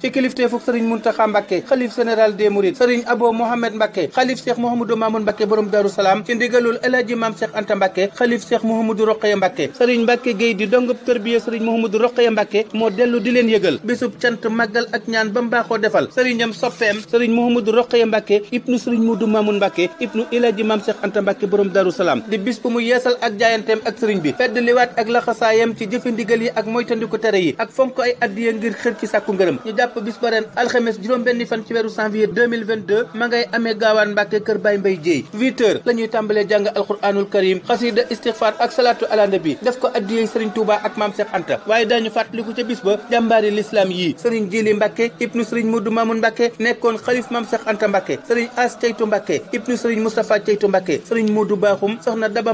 ci kilifteefu sëriñ Muntaxa Mbàkke xalif général des Mourides sëriñ Abo Mohamed Mbàkke xalif Cheikh Mouhamadou Mamoun Mbàkke borom Daaru Salaam ci ndigalul El Hadji Maam Cheikh Anta Mbàkke xalif Cheikh Mouhamadou Rokhaya Mbàkke sëriñ Mbàkke Gueye di dongub tërbiye sëriñ Mouhamadou Rokhaya Mbàkke moo dellu di leen yëgal bésub cant màggal ak ñaan ba mbaaxoo defal sëriñam soppeem sëriñ Mouhamadou Rokhaya Mbàkke ibnu sëriñ Moudou Mamoun Mbàkke ibnu El Hadji Maam Cheikh Anta Mbàkke borom Daaru Salaam di bis bu mu yeesal ak jaayanteem ak sëriñ bi fedd liwaat ak laxasaayam ci jëfe ndigal yi ak moytandiku tere yi ak fonk ay addiya ngir xër ci sàkku jàpp bis ba ren alxames juróom-benni fan ci weeru janvier 2022 ma ngay amee gaawaan mbàkke kër Baye Mbaye Dieye huit heures la ñuy tàmbalee jàng alxuraanul karim xasida istixfaar ak salaatu ala nabi def ko addiyey Serigne Touba ak maam Cheikh Anta waaye daañu fàttaliku ca bis ba jàmbaari l'islam yii Serigne Djili Mbàkke ibnu Serigne Mudu Mamun Mbàkke nekkoon xalif maam Cheikh Anta Mbàkke Serigne As Ceytu Mbàkke ibnu Serigne Moustapha Ceytu Mbàkke Serigne Mudu Baaxum soxna Daba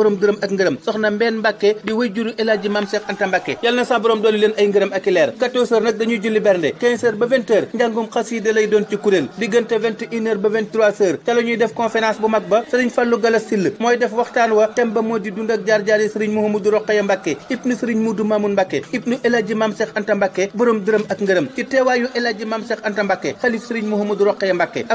gërëm ak ngërëm soxna Mbeen Mbàkke di wéy juru El Hadji maam Cheikh Anta Mbàkke yàlla na sa borom dooli leen ay ngërëm ak i 14 heures nag a julli bernde ak jaar-jaar yi Serigne Mouhamadou Rokhaya Mbacké ak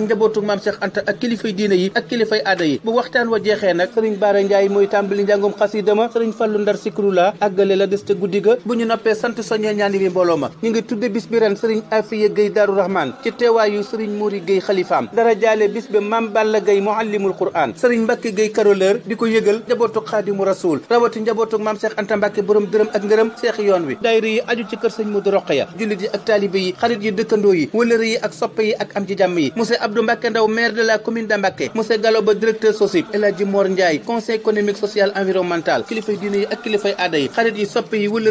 ngërëm ci Anta ak kilifay diine yi ak kilifay aada yi bu waxtaan wa jeexee nag Serigne Bara mooy tàmbali njàngum xasida ma Serigne Fallou Ndar Sikrula àggale la des ca guddi ga bu ñu noppee sant soññee ñaani bi mbooloo ma ñu ngi tudde bis bi ren sëriñ afiya gay daaru ci teewaayu sëriñ muuri gay xalifaam dara jaale bis bi mam balla gay muallimul quran sëriñ mbàkke gay karoleur di ko yëgal njabootug xaadimu rasul rawati njabootug maam seex anta mbàkke borom dërëm ak ngërëm seex yoon wi daayira yi aju ci kër sëñ mudu roqaya jullit yi ak taalibe yi xarit yi dëkkandoo yi wëlëri yi ak soppe yi ak am ci jàmm yi monsieur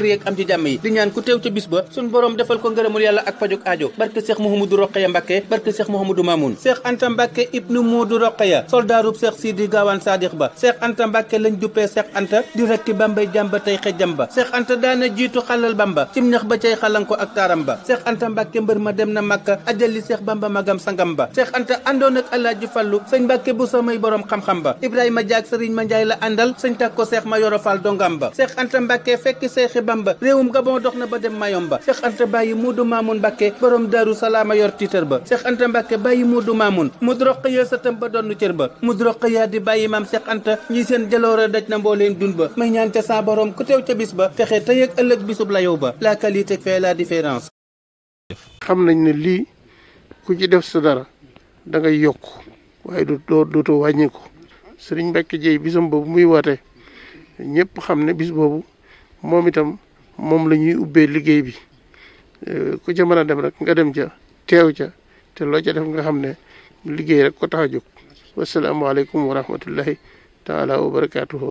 kër yeeg am ci jàmm yi di ñaan ku teew ca bis ba suñ borom defal ko ngërëmul yàlla ak pajuk aajo barke Cheikh Mouhamadou Rokhaya Mbacké barke Cheikh Mouhamadou Mamoun Cheikh Anta Mbacké ibnu Modou Rokhaya soldaarub Cheikh Sidi Gawane Sadikh ba Cheikh Anta Mbacké lañ duppee Cheikh Anta di rekki bambay jàmba tey xejam ba Cheikh Anta daana jiitu xalal bamba cim ñax ba cay xalan ko ak taaram ba Cheikh Anta Mbacké mbër ma dem na Makka ajali Cheikh Bamba magam sangam ba Cheikh Anta àndoon ak Alaaji xam ba Ibrahima Jaag Sëriñ Ma Njaay la àndal sëñ Takko Cheikh Mayoro Fall dongam ba Cheikh Anta Mbacké fekk Bamba réewum Gabon dox na ba dem Mayomba Cheikh Anta bàyyi Moodu Maamun Mbàkke borom Daaru Salaama yor tiitar ba Cheikh Anta Mbàkke bàyyi Moodu Maamun mu droq yaa sa tam ba donn cër ba mu droq yaa di bàyyi maam Cheikh Anta ñi seen jaloore daj na mbooleem dun ba may ñaan ca saa borom ku teew ba fexe tey ak ëllëg bisub la ba la qualité fait la différence xam nañ ne lii ku ci def sa dara da ngay yokk waaye du doo dootoo wàññi ko sëriñ Mbàkke Jéy bisam boobu muy woote ñëpp xam ne bis boobu moom itam moom la ñuy ubbee liggéey bi euh, ku ca mën a dem rek nga dem ca teew ca te loo ca def nga xam ne liggéey rek ko tax a jóg wasalaamaaleykum wa rahmatullahi taala wa barakaatuhu